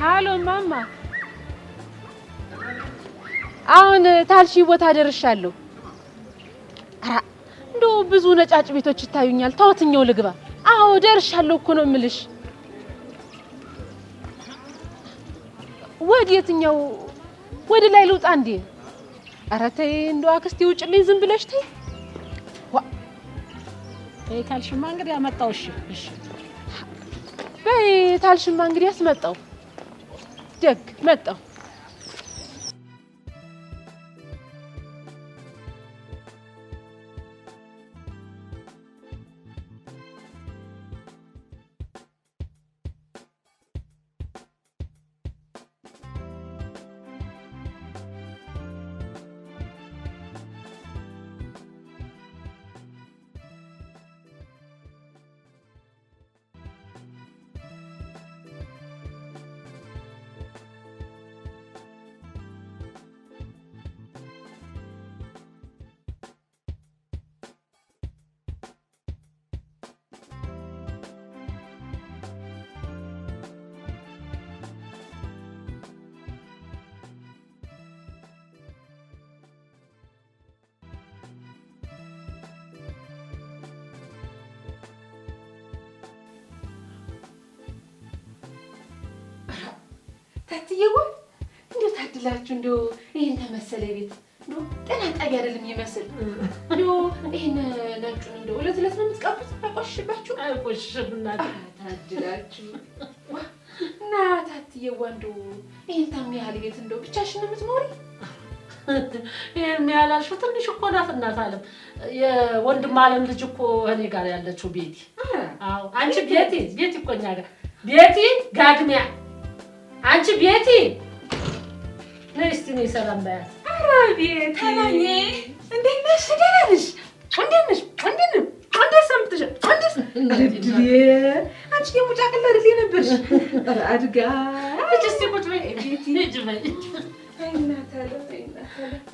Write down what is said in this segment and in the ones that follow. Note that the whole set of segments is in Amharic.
ሀሎ ማማ፣ አሁን ታልሺ ቦታ ደርሻለሁ። ኧረ እንደው ብዙ ነጫጭ ቤቶች ይታዩኛል። ተወትኛው ልግባ። አዎ ደርሻለሁ እኮ ነው የምልሽ። ወደ የትኛው ወደ ላይ ልውጣ እንዴ? ኧረ ተይ እንደው አክስቴ ውጭልኝ ዝም ብለሽ ተይ። በይ ታልሽማ እንግዲህ አመጣው። እሺ እሺ፣ በይ ታልሽማ እንግዲህ አስመጣው። ደግ መጣሁ ከትየው እንዴ ታድላችሁ እንዴ ይሄን ተመሰለ ቤት እንዴ ጤና ጣቢ አይደለም ይመስል እንዴ ይሄን ነጩን እንዴ ሁለት ሁለት ነው የምትቀቡት። አይቆሽሽባችሁ? አይቆሽሽም። እናት ታድላችሁ እና ታትየዋ እንዴ ይሄን ታም ያህል ቤት እንዴ ብቻሽን ነው የምትኖሪ? ይሄን ያላልሽው ትንሽ እኮ ናት እናት አለም የወንድም አለም ልጅ እኮ እኔ ጋር ያለችው ቤቲ። አዎ አንቺ ቤቲ ቤቲ እኮ እኛ ጋር ቤቲ ጋግሚያ አንቺ ቤቲ ነይ እስኪ እኔ ሰላም በያት። ኧረ ቤቲ እንዴት ነሽ? ደህና ነሽ? እንዴት ነሽ? እንዴት ነሽ? እንዴት ሰምተሻል? እንዴት አንቺ ደግሞ ጫቅላ ልጅ ነበርሽ አድጋ እስኪ ቁጭ በይ ቤቲ በይ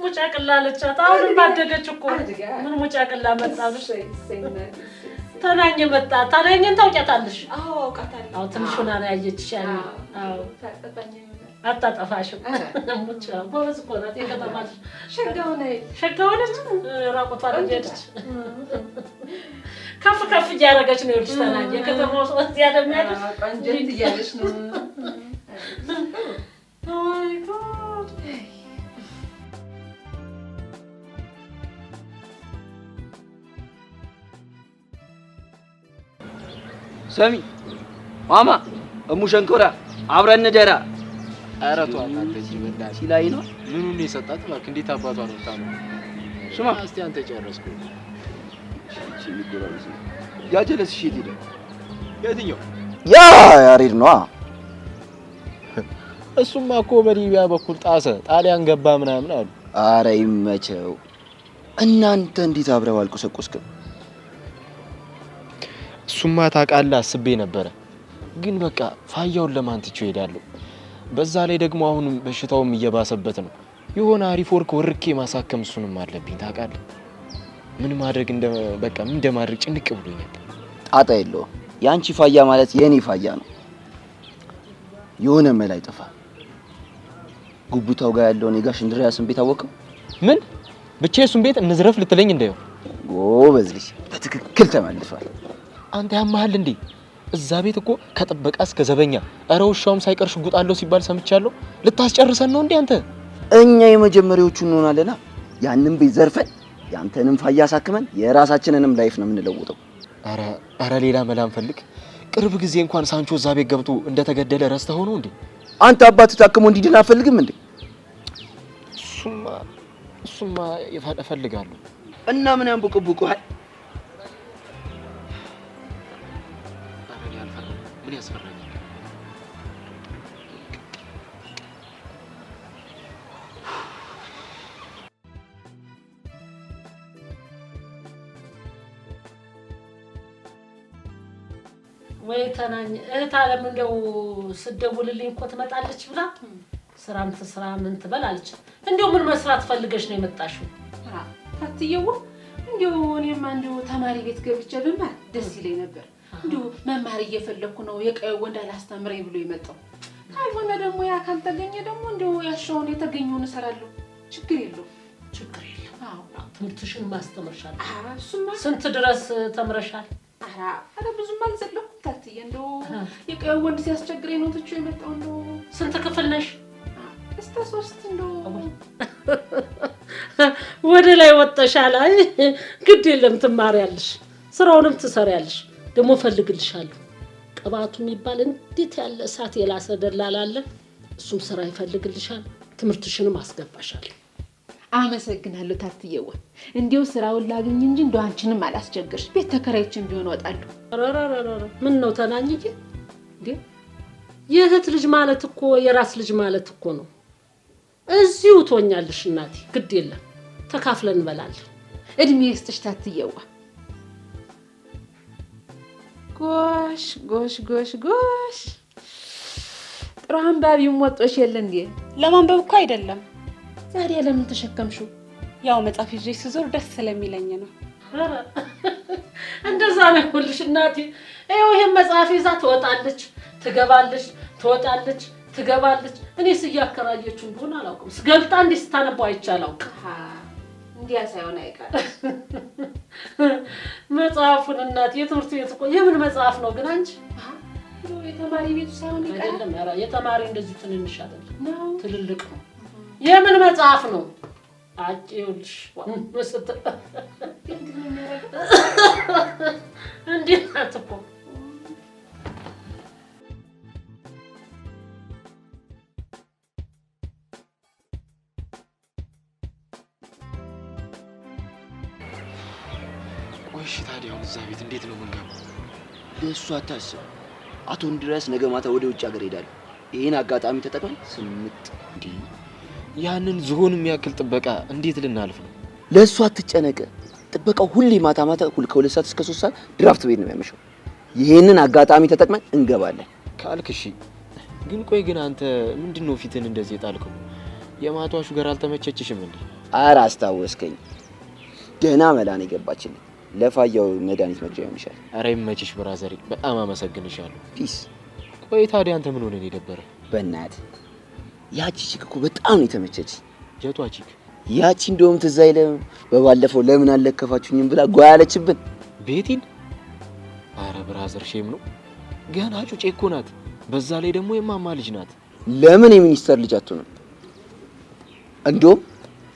ሙጫቅላ አለቻት። አሁንም አደገች እኮ ምን ሙጫቅላ መጣብሽ ተናኘ መጣ። ተናኘን ታውቂያታለሽ? አዎ አውቃታለሁ። አዎ ትንሽ ሆና ነው ያየችሽ። አዎ አታጠፋሽም። ሙቻ ጎበዝ እኮ ናት። የከተማሽ ሸጋ ሆነች። ራቆቷ ሄደች። ከፍ ከፍ እያደረገች ነው ልጅ ተናኘ። የከተማው ሰው እዚያ ለሚያደርስ እንጀት እያለች ነው ሰሚ ማማ እሙ ሸንኮራ አብረን እንደራ። ኧረ ተው ሲላይ ነው ምኑን የሰጣት እባክህ። እንዴት አባቷ ነው የምታምነው? ስማ እስኪ አንተ ጨረስኩ። ያ ጀለስ እሺ፣ የት የትኛው ያ ያሬድ ነዋ። እሱማ እኮ በሊቢያ በኩል ጣሰ፣ ጣሊያን ገባ ምናምን አሉ። አረ ይመቸው። እናንተ እንዴት አብረው አልቆሰቆስክም? እሱማ ታውቃለህ አስቤ ነበረ፣ ግን በቃ ፋያውን ለማን ትቼው እሄዳለሁ? በዛ ላይ ደግሞ አሁን በሽታውም እየባሰበት ነው። የሆነ አሪፍ ወርክ ወርኬ ማሳከም እሱንም አለብኝ ታውቃለህ። ምን ማድረግ በቃ ምን እንደማድረግ ጭንቅ ብሎኛል። ጣጣ የለውም። የአንቺ ፋያ ማለት የእኔ ፋያ ነው። የሆነ መላይ ጥፋ ጉቡታው ጋር ያለውን የጋሽ እንድሪያስን ቤት አወቀው። ምን ብቻ የሱን ቤት እንዝረፍ ልትለኝ እንደው? ጎበዝ ልጅ በትክክል ተመልሷል። አንተ ያመሃል እንዴ? እዛ ቤት እኮ ከጥበቃ እስከ ዘበኛ፣ እረ ውሻውም ሳይቀር ሽጉጥ ሲባል ሰምቻለሁ። ልታስጨርሰን ነው እንዴ አንተ? እኛ የመጀመሪያዎቹ እንሆናለና ያንን ቤት ዘርፈን ያንተንም ፋያ አሳክመን የራሳችንንም ላይፍ ነው የምንለውጠው። አረ አረ ሌላ መላ እንፈልግ። ቅርብ ጊዜ እንኳን ሳንቾ እዛ ቤት ገብቶ እንደተገደለ ረስተ ሆኖ እንዴ? አንተ አባት ታክሞ እንዲድን አፈልግም እንዴ? እሱማ እሱማ እፈልጋለሁ። እና ምን ያንቡቅቡቁሃል መራመድ ያልፈረኝ ምን ያስፈራኛል? ወይ ተናኝ እህት አለም እንደው ስደውልልኝ እኮ ትመጣለች ብላ ስራም ትስራ ምን ትበል አለች። እንደው ምን መስራት ፈልገሽ ነው የመጣሽው? አትየው እንደው እኔማ እንደው ተማሪ ቤት ገብቼ ብማር ደስ ይለኝ ነበር። እንዲሁ መማር እየፈለግኩ ነው የቀዩ ወንድ አላስተምሬ ብሎ የመጣው ካልሆነ ደግሞ ያ ካልተገኘ ደግሞ እንዲሁ ያሻውን የተገኘውን እሰራለሁ። ችግር የለው ችግር የለም። ትምህርትሽን ማስተምርሻል። ስንት ድረስ ተምረሻል? ኧረ ብዙም አልዘለኩም ታትዬ። እንደው የቀዩ ወንድ ሲያስቸግረኝ ነው ትቼው የመጣው። እንደው ስንት ክፍል ነሽ? እስከ ሶስት። እንደው ወደ ላይ ወጥተሻል። አይ ግድ የለም ትማሪያለሽ፣ ስራውንም ትሰሪያለሽ። ደግሞ እፈልግልሻለሁ። ቅባቱ የሚባል እንዴት ያለ እሳት የላሰ ደላላ አለ። እሱም ስራ ይፈልግልሻል፣ ትምህርትሽንም አስገባሻል። አመሰግናለሁ ታትየው። እንዲው ስራውን ላግኝ እንጂ እንደ አንቺንም አላስቸግርሽ። ቤት ተከራይችን ቢሆን ወጣሉ። ምን ነው ተናኝዬ እንዴ? የእህት ልጅ ማለት እኮ የራስ ልጅ ማለት እኮ ነው። እዚሁ ትሆኛለሽ እናቴ። ግድ የለም ተካፍለን እንበላለን። እድሜ ይስጥሽ ታትየዋ። ጎሽ ጎሽ ጎሽ ጎሽ ጥሩ አንባቢ ሞጦሽ የለ እንዴ? ለማንበብ እኮ አይደለም። ዛሬ ለምን ተሸከምሽው? ያው መጽሐፍ ይዤ ስዞር ደስ ስለሚለኝ ነው። እንደዛ ነው ሁልሽ እናቴ። ይኸው ይሄን መጽሐፍ ይዛ ትወጣለች፣ ትገባለች፣ ትወጣለች፣ ትገባለች። እኔስ እያከራየችው እንደሆነ አላውቅም። ገብታ እንዲህ ስታነባው አይቼ አላውቅም። እንዲያ ሳይሆን አይቀርም። መጽሐፉን እናት የትምህርት ቤት እኮ የምን መጽሐፍ ነው ግን አንቺ? የተማሪ ቤቱ ሳይሆን አይቀርም። የተማሪ እንደዚህ ትንንሽ አይደለም ትልልቅ ነው። የምን መጽሐፍ ነው? አጭውልሽ እንዲህ ናት እኮ እዛ ቤት እንዴት ነው የምንገባው? ለእሱ አታስብ። አቶ እንድሪያስ ነገ ማታ ወደ ውጭ ሀገር ሄዳል። ይህን አጋጣሚ ተጠቅመን ስምጥ። እንዲህ ያንን ዝሆን የሚያክል ጥበቃ እንዴት ልናልፍ ነው? ለእሱ አትጨነቅ። ጥበቃው ሁሌ ማታ ማታ ከሁለት ሰዓት እስከ ሶስት ሰዓት ድራፍት ቤት ነው የሚያመሸው። ይህንን አጋጣሚ ተጠቅመን እንገባለን ካልክ እሺ። ግን ቆይ ግን አንተ ምንድን ነው ፊትን እንደዚህ የጣልከው? የማቷ ጋር አልተመቸችሽም እንዴ? ኧረ አስታወስከኝ። ደህና መላን ነው የገባችልኝ። ለፋያው መድኃኒት መግዣ ይሆንሻል። አረ ይመችሽ ብራዘሪ፣ በጣም አመሰግንሻለሁ። ፒስ። ቆይ ታዲያ አንተ ምን ሆነን የደበረ? በእናት ያቺ ቺክ እኮ በጣም ነው የተመቸች። ጀቷ ቺክ ያቺ እንደውም ትዝ አይልም? በባለፈው ለምን አለከፋችሁኝም ብላ ጓ ያለችብን ቤቲን። አረ ብራዘር ሼም ነው ገና ጩጬ እኮ ናት። በዛ ላይ ደግሞ የማማ ልጅ ናት። ለምን የሚኒስተር ልጅ አትሆንም? እንደውም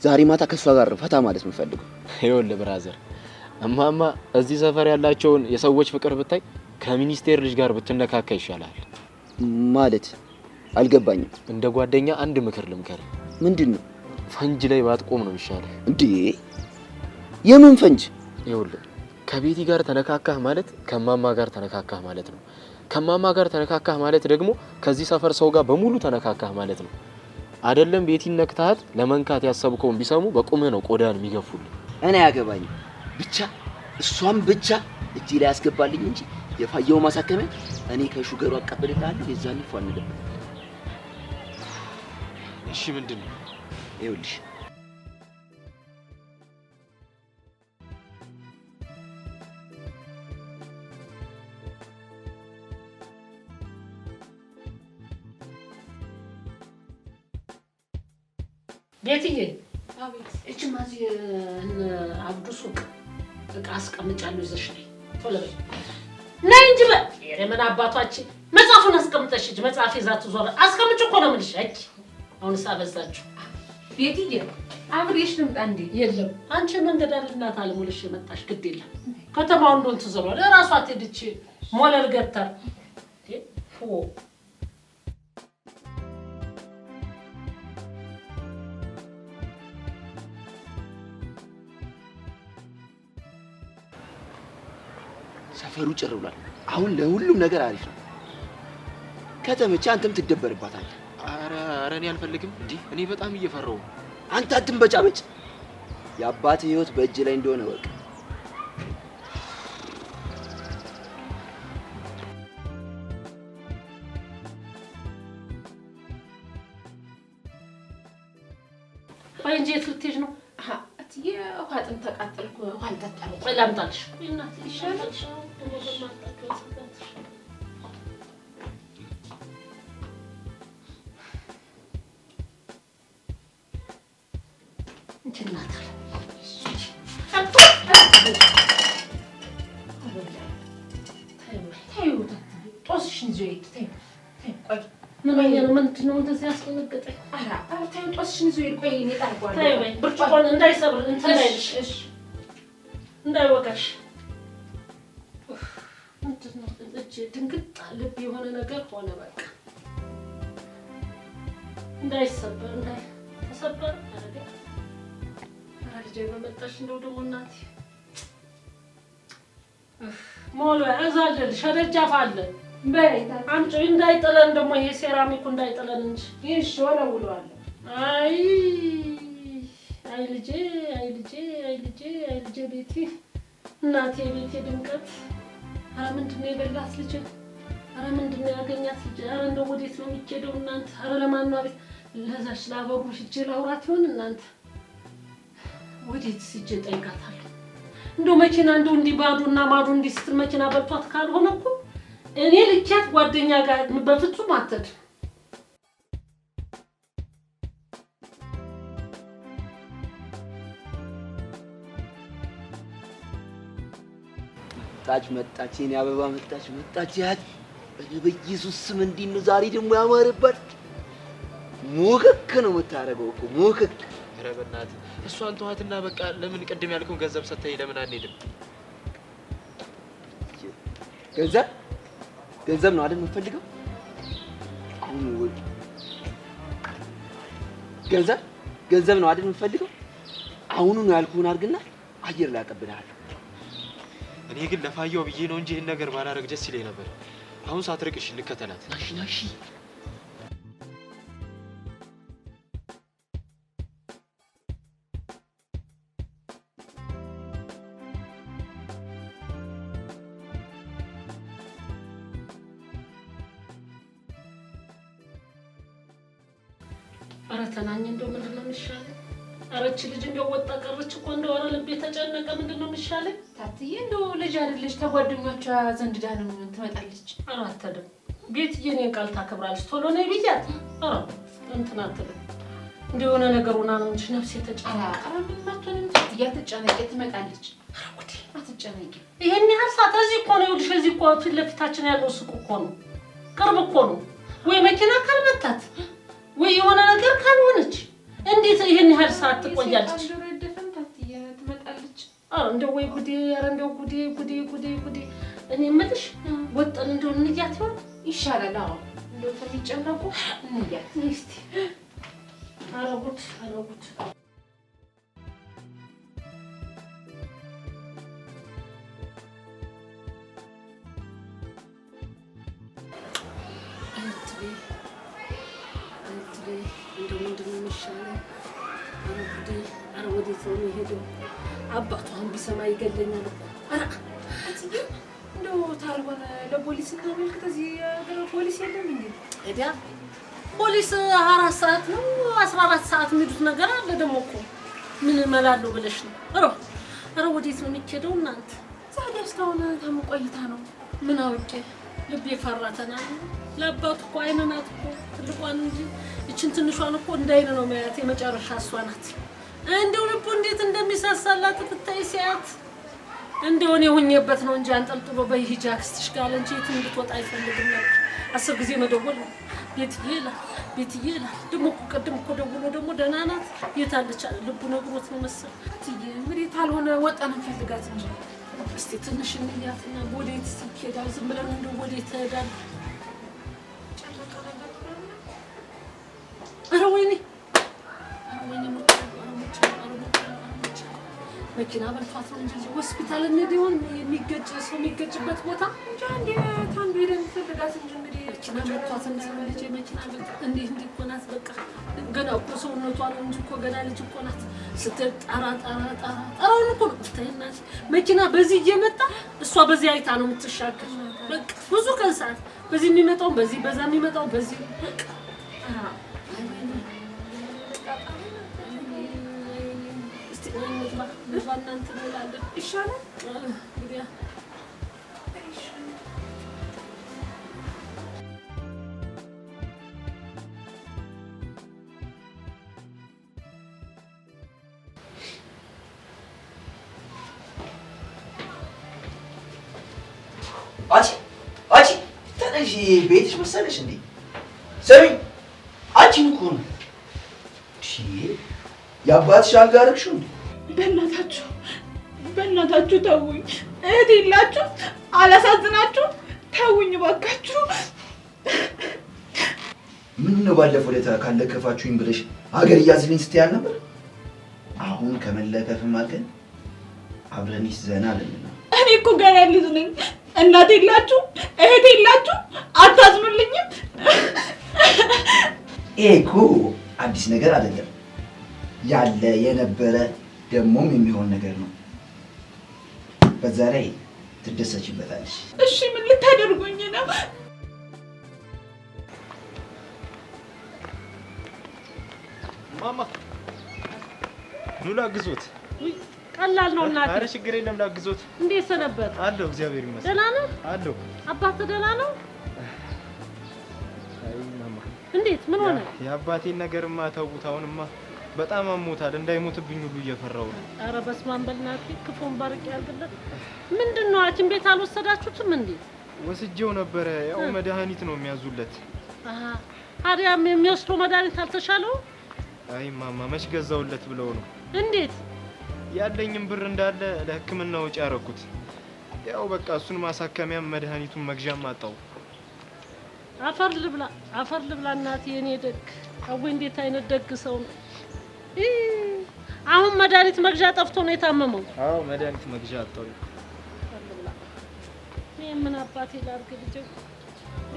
ዛሬ ማታ ከእሷ ጋር ፈታ ማለት የምፈልገው ይኸውልህ ብራዘር እማማ እዚህ ሰፈር ያላቸውን የሰዎች ፍቅር ብታይ ከሚኒስቴር ልጅ ጋር ብትነካካ ይሻላል። ማለት አልገባኝም። እንደ ጓደኛ አንድ ምክር ልምከር። ምንድን ነው? ፈንጅ ላይ ባትቆም ነው ይሻላል። እንዴ የምን ፈንጅ? ይኸውልህ ከቤቲ ጋር ተነካካህ ማለት ከማማ ጋር ተነካካህ ማለት ነው። ከማማ ጋር ተነካካህ ማለት ደግሞ ከዚህ ሰፈር ሰው ጋር በሙሉ ተነካካህ ማለት ነው። አይደለም ቤቲን ነክተሃት ለመንካት ያሰብከውን ቢሰሙ በቁምህ ነው ቆዳን የሚገፉልህ። እኔ አያገባኝም። ብቻ እሷም ብቻ እጅ ላይ ያስገባልኝ እንጂ የፋየው ማሳከሚያ እኔ ከሹገሩ አቀብልልሃለሁ። የዛን ፏ እንልም። እሺ፣ ምንድን ነው ይኸውልሽ ቤትዬ፣ እች ማዚ አብዱ ሱቅ እቃ አስቀምጫለሁ ይዘሽ ነይ። ቶሎ በይ ነይ እንጂ በይ። ምን አባቷችን መጽሐፉን አስቀምጠሽ ሂጅ። መጽሐፍ ይዛ ትዞር። አስቀምጭ እኮ ነው የምልሽ። አይ አሁንስ አበዛችሁ። ቤትዬ አብሬሽ ልምጣ እንዴ? የለም አንቺ መንገድ አልናት አልሞልሽ የመጣሽ ግድ የለም። ከተማው እንደሆን ትዞሯል። እራሷ ትሄድች ሞለል ገተር አፈሩ ጭር ብሏል። አሁን ለሁሉም ነገር አሪፍ ነው። ከተመቼ አንተም ትደበርባታለህ። ኧረ አረ እኔ አልፈልግም። እንዲህ እኔ በጣም እየፈራሁ አንተ አትንበጫበጭ። የአባትህ ህይወት በእጅ ላይ እንደሆነ ወቅ ቆይ እንጂ የት ልትሄጂ ነው? ውሃ ጥም ተቃጠልኩ። ውሃ ልጠጣ ላምጣልሽ? ይሻላል İçine atalım. Toz işinize gitti. Koy. Namayyanımın tünümün de siyasını gıdı. Ara, ara tayo toz işinize yürü koy yeni dar bu arada. Tayo bey. Burçuk onun daysa burun tanaymış. Nday bakar. ልጅ ድንግጥ ልብ የሆነ ነገር ሆነ። በቃ እንዳይሰበር እንዳይ ተሰበር አረገ። ልጄ በመጣሽ እንደው ደግሞ እናቴ ሞሎ እዛ አለልሽ ደጃፍ አለ አምጪው እንዳይጥለን ደግሞ ይሄ ሴራሚኩ እንዳይጥለን እንጂ ይሽ ወለ ወለውለዋለሁ። አይ አይ ልጄ አይ ልጄ አይ ልጄ አይ ልጄ ቤቴ እናቴ ቤቴ ድምቀት ኧረ ምንድን የበላት ልጅ? አረ ምንድነው ያገኛት ልጅ? ኧረ እንደው ወዴት ነው የሚኬደው እናንተ? ኧረ ለማኗ ቤት ለዛች ለአበቡ ሂጅ ላውራት ይሆን እናንተ? ወዴት ሂጅ እጠይቃታለሁ። እንደው መኪና እንደው እንዲህ ባዶ እና ማዶ እንዲህ ስትል መኪና በልቷት ካልሆነ እኮ እኔ ልኬያት ጓደኛ ጋር በፍጹም አትሄድም። መጣች መጣች፣ የኔ አበባ መጣች መጣች። ያት በኢየሱስ ስም እንዲህ ነው ዛሬ ደግሞ ያማረባት። ሙክክ ነው የምታደርገው እኮ ሙክክ። ኧረ በእናትህ እሷን ተዋትና በቃ። ለምን ቅድም ያልከውን ገንዘብ ሰተኸኝ ለምን አንሄድም? ገንዘብ ገንዘብ ነው አይደል የምንፈልገው? አሁን ገንዘብ ገንዘብ ነው አይደል የምንፈልገው? ነው ያልኩህን አድርግና አየር ላይ አቀብልሃለሁ እኔ ግን ለፋየው ብዬ ነው እንጂ ይህን ነገር ባላረግ ደስ ይለኝ ነበር። አሁን ሳትርቅሽ እንከተላት። ናሽ ናሽ ትሄዳለች፣ ተጓደኞቿ ዘንድ ዳንም ትመጣለች። ኧረ አትልም። ቤት የኔን ቃል ታከብራለች። ቶሎ ነይ ብያት ኧረ እንትን አትልም። እንደሆነ ነገር ሆና ነው እንጂ ነፍሴ ተጨነቀ። እያትጨነቄ ትመጣለች። አትጨነቂ። ይሄን ያህል ሰዓት እዚህ እኮ ነው ይኸውልሽ፣ እዚህ እኮ ፊት ለፊታችን ያለው ሱቅ እኮ ነው፣ ቅርብ እኮ ነው። ወይ መኪና ካልመታት ወይ የሆነ ነገር ካልሆነች እንዴት ይሄን ያህል ሰዓት ትቆያለች? እንደው ወይ ጉዴ! ኧረ እንደው ጉዴ ጉዴ ጉዴ ጉዴ! እኔ የምልሽ ወጠን እንደው እንያት ይሆን ይሻላል። አዎ እንደው ከሚጨነቁ እንያት እስቲ። ኧረ ጉድ! ኧረ ጉድ! እንደው ምንድን ነው የሚሻለው? ኧረ ጉዴ! ወዴት ነው የሄደው? አባቷን ቢሰማ ይገለኛል። እንደው ታልሆነ ለፖሊስ እናመልክት። እዚህ ፖሊስ የለም እንዴ? እዲያ ፖሊስ አራት ሰዓት ነው አስራ አራት ሰዓት የሚሄዱት ነገር አለ ደግሞ እኮ ምን እመላለሁ ብለሽ ነው? ኧረ ኧረ ወዴት ነው እናንተ? ዛሬ ነው ምን አውቄ ልብ የፈራተናል። ለአባቱ እኮ እኮ ትልቋን እንጂ ትንሿን እኮ ነው መያት የመጨረሻ እሷ ናት። እንደው ልቡ እንዴት እንደሚሳሳላት ብታይ ሲያት እንደሆነ የሆኘበት ነው እንጂ አንጠልጥሎ በሂጃ አክስትሽ ጋር እንጂ የት እንድትወጣ አይፈልግም ነበር። አስር ጊዜ መደወል ነው ቤትዬ ይላል፣ ቤትዬ ይላል። ደግሞ እኮ ቅድም እኮ ደውሎ ደግሞ ደህና ናት የት አለች ልቡ ነግሮት ነው መሰል። እትዬ እንግዲህ ካልሆነ ወጣን እንፈልጋት እንጂ እስቲ ትንሽ እንያትና ወዴት ይሄዳል? ዝም ብለን እንደው ወዴት ትሄዳል? ኧረ ወይኔ መኪና በልቷት ነው እንጂ ሆስፒታል እንሂድ ይሆን የሚገጭ ሰው የሚገጭበት ቦታ እንጂ አንዴ ታንዱ እንጂ መኪና እንጂ መኪና በቃ ገና እኮ ሰውነቷ ነው እንጂ እኮ ገና ልጅ እኮ ናት ስትል ጣራ ጣራ ጣራ ጣራውን እኮ ነው መኪና በዚህ እየመጣ እሷ በዚህ አይታ ነው የምትሻገር። በቃ ብዙ ከሰዓት በዚህ የሚመጣው በዚህ በዛ የሚመጣው በዚህ በቃ በእናንተ እንላለን። ይሻላል እንግዲያ አንቺ አንቺ ተነሽ፣ ቤትሽ መሰለሽ እንዴ? ስሚኝ አንቺን እኮ ነው። እሺ የአባትሽ አልጋ አደረግሽው እንዴ? እባካችሁ ተውኝ። እህት የላችሁ? አላሳዝናችሁ? ተውኝ እባካችሁ። ምን ነው ባለፈው ዕለት ካለከፋችሁኝ ብለሽ ሀገር እያዝልኝ ስትይ ነበር። አሁን ከመለከፍም አልከን አብረንሽ ዘና አለንና። እኔ እኮ ገና ልጅ ነኝ። እናት የላችሁ? እህት የላችሁ? አታዝኑልኝም? ይሄ እኮ አዲስ ነገር አይደለም። ያለ የነበረ ደግሞም የሚሆን ነገር ነው። በዛ ላይ ትደሰችበታለች። እሺ ምን ልታደርጉኝ ነው? ማማ ኑ ላግዞት። ቀላል ነው እናቴ። ኧረ ችግር የለም ላግዞት። እንዴት ሰነበት? አለሁ እግዚአብሔር ይመስገን። ደህና ነህ? አለሁ። አባትህ ደህና ነው? እንዴት ምን ሆነ? የአባቴን ነገርማ ተውት አሁንማ በጣም አሞታል። እንዳይሞትብኝ ሁሉ እየፈራው ነው። አረ በስማን በልናት ክፉን ባርቅ ያርግለት። ምንድን ነው ሐኪም ቤት አልወሰዳችሁትም እንዴ? ወስጄው ነበረ። ያው መድኃኒት ነው የሚያዙለት። አሪያም የሚወስደው መድኃኒት አልተሻለው። አይ ማማ መች ገዛውለት ብለው ነው። እንዴት ያለኝም ብር እንዳለ ለህክምና ወጪ ያረኩት። ያው በቃ እሱን ማሳከሚያም መድኃኒቱን መግዣም አጣው። አፈር ልብላ፣ አፈር ልብላ እናቴ። የኔ ደግ አወይ እንዴት አይነት ደግ ሰው ነው። አሁን መድኃኒት መግዣ ጠፍቶ ነው የታመመው። አዎ መድኃኒት መግዣ አጣሁ። እኔ ምን አባቴ ላድርግ ልጅ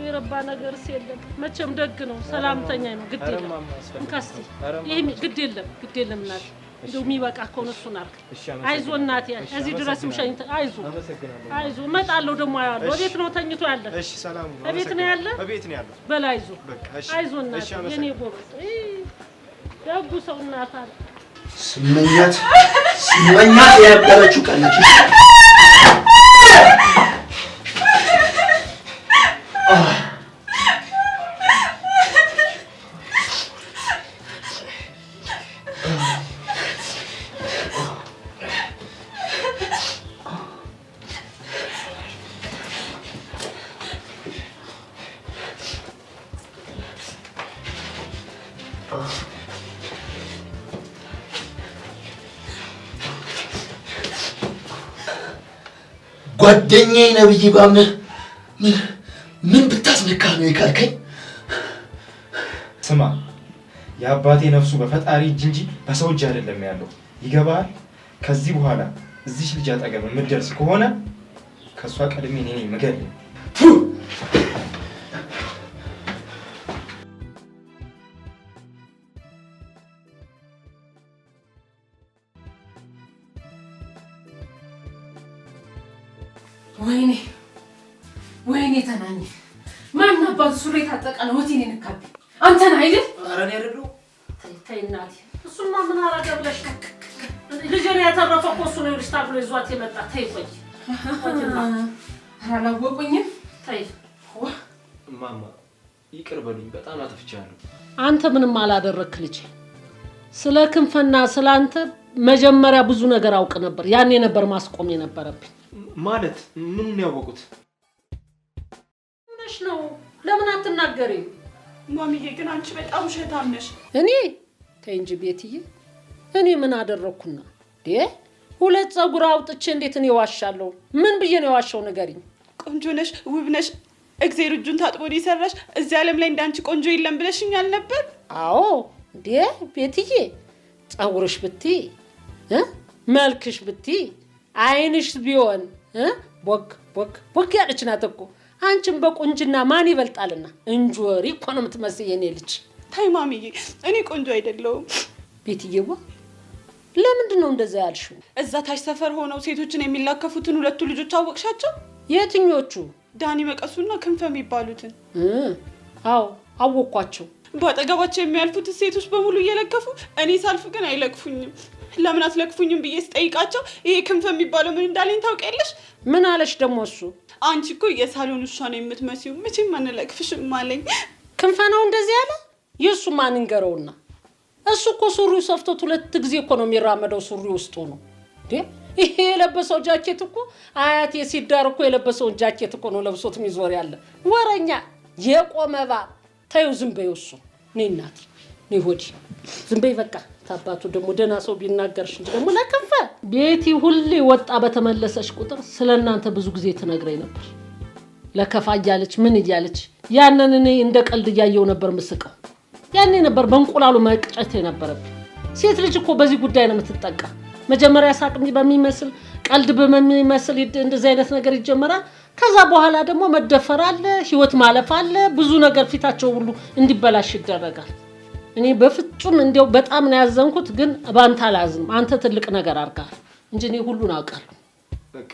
የረባ ነገር የለም። መቼም ደግ ነው፣ ሰላምተኛ ነው። ግድ የለም እንካስቲ፣ ይሄ ግድ የለም፣ ግድ የለም እናቴ። እንደው የሚበቃ ከሆነ እሱን አድርግ። አይዞ እናቴ፣ እዚህ ድረስም ሸኝ። አይዞ አይዞ፣ እመጣለሁ ደግሞ አያለሁ። እቤት ነው ተኝቶ ያለ። እሺ ሰላም ነው። እቤት ነው ያለ፣ እቤት ነው ያለ። በል አይዞ፣ አይዞ እናቴ፣ የኔ ጎበዝ ደጉ ሰው እናት አለ ስመኛት ስመኛት የነበረችው ጓደኛዬ ነብይ ባምህ ምን ብታስነካ ነው የካልከኝ? ስማ የአባቴ ነፍሱ በፈጣሪ እጅ እንጂ በሰው እጅ አይደለም ያለው ይገባሃል። ከዚህ በኋላ እዚች ልጅ አጠገብ የምትደርስ ከሆነ ከእሷ ቀድሜ እኔ ምገል ፉ በቃ ነው ወቴን የነካብኝ አንተ ነህ አይደል? ኧረ እኔ አይደለሁም። ተይ እናቴ፣ እሱማ ምን አደረገ ብለሽ ልጄን ያተረፈው እኮ እሱ ነው። ይኸውልሽ ታብሎ ይዟት የመጣ ተይ፣ ቆይ አላወቁኝም። ተይ እማማ ይቅር በሉኝ፣ በጣም አጥፍቻለሁ። አንተ ምንም አላደረግክ ልጄ። ስለ ክንፈና ስለ አንተ መጀመሪያ ብዙ ነገር አውቅ ነበር። ያኔ ነበር ማስቆም የነበረብኝ። ማለት ምን ያወቁት ነው ለምን አትናገሪ? ማሚዬ ግን አንቺ በጣም ውሸታም ነሽ። እኔ ተይ እንጂ ቤትዬ፣ እኔ ምን አደረግኩና ዴ ሁለት ፀጉር አውጥቼ እንዴት እኔ ዋሻለሁ? ምን ብዬ ነው የዋሻው? ንገሪኝ። ቆንጆ ነሽ፣ ውብ ነሽ፣ እግዜር እጁን ታጥቦ ነው የሰራሽ። እዚህ ዓለም ላይ እንዳንቺ ቆንጆ የለም ብለሽኝ አልነበር? አዎ እንዴ ቤትዬ፣ ፀጉርሽ ብቲ መልክሽ ብቲ አይንሽ ቢሆን ቦግ ቦግ ቦግ ያለች ናት እኮ አንቺን በቁንጅና ማን ይበልጣልና? እንጆሪ እኮ ነው የምትመስይ የኔ ልጅ። ተይ ማሚዬ፣ እኔ ቆንጆ አይደለሁም። ቤትዬዋ ለምንድን ነው እንደዛ ያልሽው? እዛ ታች ሰፈር ሆነው ሴቶችን የሚላከፉትን ሁለቱ ልጆች አወቅሻቸው? የትኞቹ? ዳኒ መቀሱና ክንፈ የሚባሉትን። አዎ አወቅኳቸው። በአጠገባቸው የሚያልፉት ሴቶች በሙሉ እየለከፉ እኔ ሳልፍ ግን አይለቅፉኝም። ለምን አትለቅፉኝም ብዬ ስጠይቃቸው ይሄ ክንፈ የሚባለው ምን እንዳለኝ ታውቂያለሽ? ምን አለሽ ደግሞ እሱ? አንቺ እኮ የሳሎን ውሻ ነው የምትመስዩ። መቼም አንለቅፍሽም አለኝ። ክንፈናው እንደዚህ አለ። የእሱ ማንንገረውና እሱ እኮ ሱሪው ሰፍቶት ሁለት ጊዜ እኮ ነው የሚራመደው። ሱሪ ውስጡ ነው ይሄ የለበሰው ጃኬት እኮ አያቴ ሲዳር እኮ የለበሰውን ጃኬት እኮ ነው ለብሶት የሚዞር ያለ ወረኛ የቆመባ። ተይው ዝም በይ። እሱ እኔ እናት እኔ ሆዴ ዝም በይ በቃ። ታባቱ ደግሞ ደህና ሰው ቢናገርሽ እንጂ ደግሞ ለከፈ ቤቲ ሁሌ ወጣ በተመለሰች ቁጥር ስለ እናንተ ብዙ ጊዜ ትነግረኝ ነበር። ለከፋ እያለች ምን እያለች ያንን እኔ እንደ ቀልድ እያየው ነበር ምስቀው። ያኔ ነበር በእንቁላሉ መቅጨት የነበረብኝ። ሴት ልጅ እኮ በዚህ ጉዳይ ነው የምትጠቃ። መጀመሪያ ሳቅ በሚመስል ቀልድ በሚመስል እንደዚህ አይነት ነገር ይጀመራል። ከዛ በኋላ ደግሞ መደፈር አለ፣ ህይወት ማለፍ አለ፣ ብዙ ነገር ፊታቸው ሁሉ እንዲበላሽ ይደረጋል። እኔ በፍጹም እንዲያው በጣም ነው ያዘንኩት፣ ግን በአንተ አላዝንም። አንተ ትልቅ ነገር አድርጋል እንጂ እኔ ሁሉን አውቃለሁ። በቃ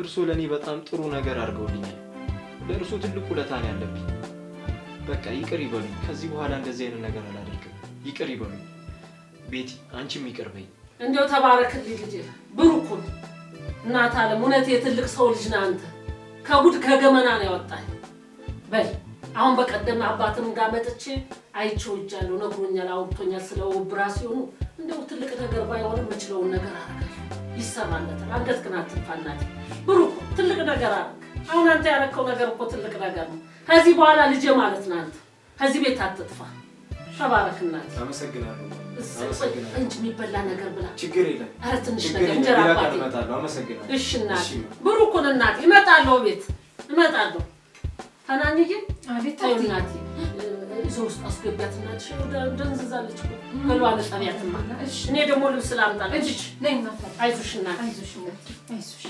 እርስዎ ለእኔ በጣም ጥሩ ነገር አድርገውልኛል። ለእርስዎ ትልቅ ውለታ ነው ያለብኝ። በቃ ይቅር ይበሉ። ከዚህ በኋላ እንደዚህ አይነት ነገር አላደርግም። ይቅር ይበሉ። ቤቲ፣ አንቺም ይቅር በይ። እንዲያው ተባረክልኝ ልጄ። ብሩክ እናት አለም፣ እውነት የትልቅ ሰው ልጅ ነህ አንተ። ከጉድ ከገመና ነው ያወጣኝ። በይ አሁን በቀደም አባትም ጋር መጥቼ አይቼው እጃለሁ። ነግሮኛል፣ አውርቶኛል። ስለ ውብራ ሲሆኑ እንደው ትልቅ ነገር ባይሆን የምችለውን ነገር አደርጋለሁ። ይሰማለታል። አንገት ግን አትፋናት። ብሩ ትልቅ ነገር አደረግ። አሁን አንተ ያረከው ነገር እኮ ትልቅ ነገር ነው። ከዚህ በኋላ ልጄ ማለት ነው አንተ ከዚህ ቤት አትጥፋ። ተባረክ አመሰግናለሁ እንጂ የሚበላ ነገር ብላ ችግር የለም። ኧረ ትንሽ ነገር እንጀራ አባቴ። እሺ እናቴ፣ ብሩክን እናቴ፣ እመጣለሁ ቤት እመጣለሁ ታናንዬ ናት እዛው ውስጥ አስገቢያት። እናትሽ ደንዝዛለች በሉ አለጠቢያትማ። እኔ ደግሞ ልብስ ላምጣ። አይዞሽ እናት አይዞሽ